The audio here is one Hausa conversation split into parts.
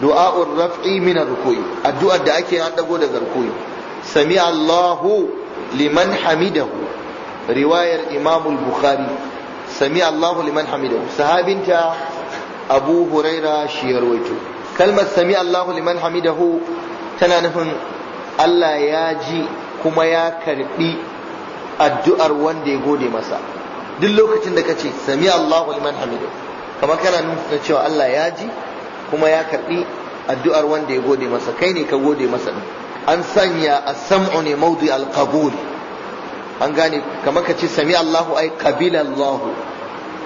du'a'ur raf'i min ruku'i addu'ar da ake an dago daga ruku'i sami Allahu liman hamidahu riwayar Imam al-Bukhari sami Allahu liman hamidahu sahabinta Abu Huraira shi yarwaito kalmar sami Allahu liman hamidahu tana nufin Allah ya ji kuma ya karbi addu'ar wanda ya gode masa duk lokacin da kace sami Allahu liman hamidahu kamar kana nufin cewa Allah ya ji kuma ya karbi addu'ar wanda ya gode masa kai ne ka gode masa an sanya as-sam'u ne mawdi al-qabul an gane kamar ka ce sami Allahu ai qabila Allahu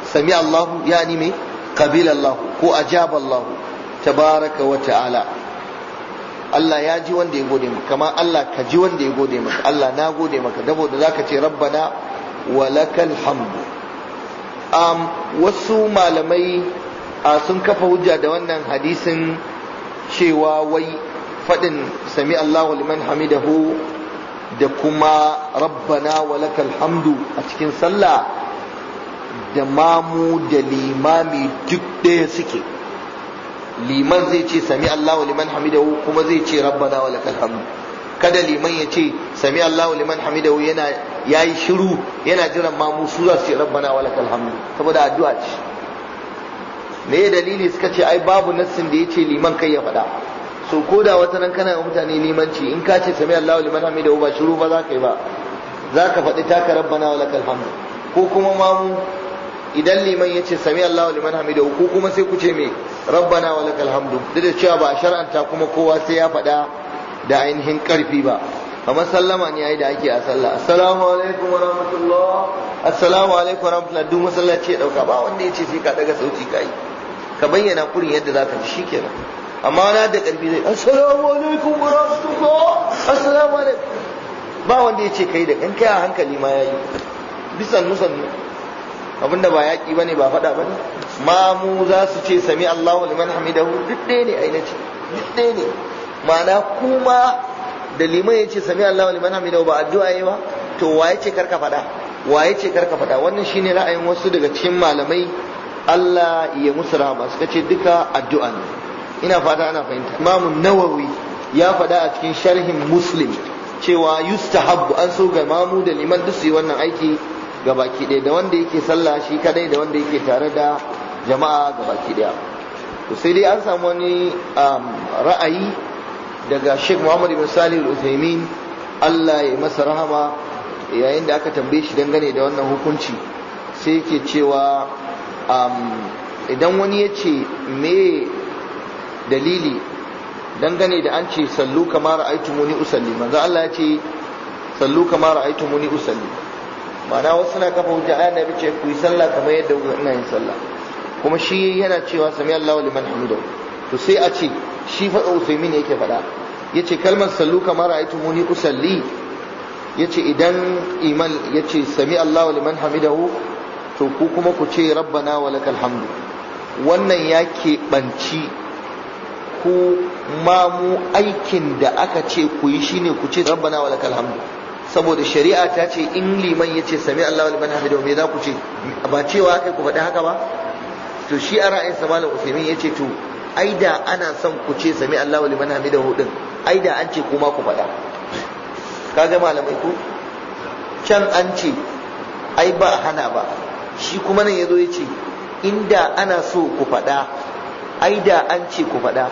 sami Allahu yani me qabila Allahu ko ajaba Allahu tabaraka wa ta'ala Allah ya ji wanda ya gode maka kamar Allah ka ji wanda ya gode maka Allah na gode maka da zaka ce rabbana wa lakal hamdu um, wasu malamai a sun kafa hujja da wannan hadisin cewa wai faɗin sami Allahu liman hamidahu da kuma rabbana walakal hamdu a cikin sallah da mamu da limami duk ɗaya suke liman zai ce sami Allahu liman hamidahu kuma zai ce rabbana walakal hamdu kada liman ya ce sami Allahu liman hamidahu yana yayi shiru yana jiran mamu su za su ce rabbana walakal hamdu saboda addu'a ce me dalili suka ce ai babu nassin da yace liman kai ya faɗa so ko da wata nan kana mutane limanci in ka ce sami Allahu liman hamida ba shiru ba za ka yi ba za ka faɗi taka rabbana wa lakal hamd ko kuma mamu idan liman ya ce sami Allahu liman hamida ko kuma sai ku ce me rabbana wa lakal hamd duk da cewa ba shar'anta kuma kowa sai ya faɗa da ainihin karfi ba kamar sallama ne ai da ake a sallah assalamu alaikum wa rahmatullah assalamu alaikum wa rahmatullah duk masallaci ya dauka ba wanda ya ce sai ka daga sauti kai ka bayyana kurin yadda za ka ji shi kenan amma na da ƙarfi zai assalamu alaikum wa rahmatullah assalamu alaikum ba wanda ya ce kai da kanka a hankali ma yayi bisan nusan abinda ba yaƙi bane ba faɗa ne ma mu za su ce sami Allahu liman hamidahu duk ɗaya ne ai nace duk ɗaya ne ma'ana kuma da liman ya ce sami Allahu liman hamidahu ba addu'a yi ba to ya ce karka faɗa ya ce karka faɗa wannan shine ra'ayin wasu daga cikin malamai Allah ya musu rahama suka ce duka addu'a ne ina fata ana fahimta Imam Nawawi ya faɗa a cikin sharhin Muslim cewa yustahabbu an so ga mamu da liman duk su yi wannan aiki ga baki ɗaya da wanda yake sallah shi kadai da wanda yake tare da jama'a ga baki ɗaya to sai dai an samu wani um, ra'ayi daga Sheikh Muhammad ibn Salih al-Uthaymeen Allah ya masa rahama yayin da aka tambaye shi dangane da wannan hukunci sai yake cewa Um, idan wani ya ce me dalili dangane da an ce sallu kama muni usalli manzo Allah ya ce sallu kama muni usalli ma'ana wasu na kafa hujja ayan nabi ce ku yi sallah kamar yadda ina yin sallah kuma shi yana cewa sami Allahu liman hamidu to sai a ce shi fa mini yake faɗa yace kalmar sallu kama muni usalli yace idan iman yace sami Allahu liman hamidahu to ku kuma ku ce rabbana wa lakal hamdu wannan ya keɓanci ku mamu aikin da aka ce ku yi shine ku ce rabbana wa lakal hamdu saboda shari'a ta ce in liman ya ce sami Allahu liman hadu me za ku ce ba cewa kai ku faɗi haka ba to shi a ra'ayin sa malam Usaimin yace to ai da ana son ku ce sami Allah liman hamidahu din ai da an ce kuma ku faɗa kaga malamai ku can an ce ai ba hana ba shi kuma nan ya zo ya ce inda ana so ku faɗa ai da an ce ku faɗa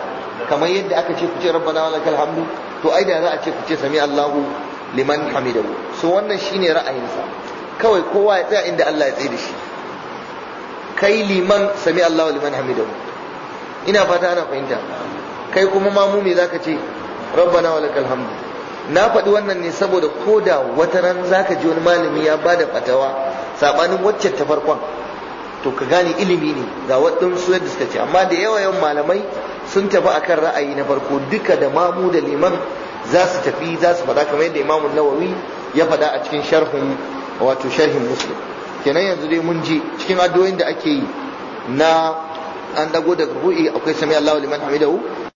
kamar yadda aka ce ku ce rabbana wa lakal hamdu to ai da za a ce ku ce sami Allahu liman hamidahu so wannan shine ra'ayinsa kawai kowa ya tsaya inda Allah ya tsaye da shi kai liman sami Allahu liman hamidahu ina fata ana fahimta kai kuma ma mu me zaka ce rabbana wa lakal hamdu na faɗi wannan ne saboda koda wata ran zaka ji wani malami ya bada fatawa sabanin waccan ta farkon to ka gane ilimi ne ga waɗansu yadda suka ce amma da yawa yawan malamai sun tafi a kan ra'ayi na farko duka da mamu da liman za su tafi za su faɗa kamar yadda imamu nawawi ya faɗa a cikin sharhin wato sharhin muslim kenan yanzu dai mun je cikin addu'o'in da ake yi na an dago daga ru'i akwai sami Allahu liman hamidahu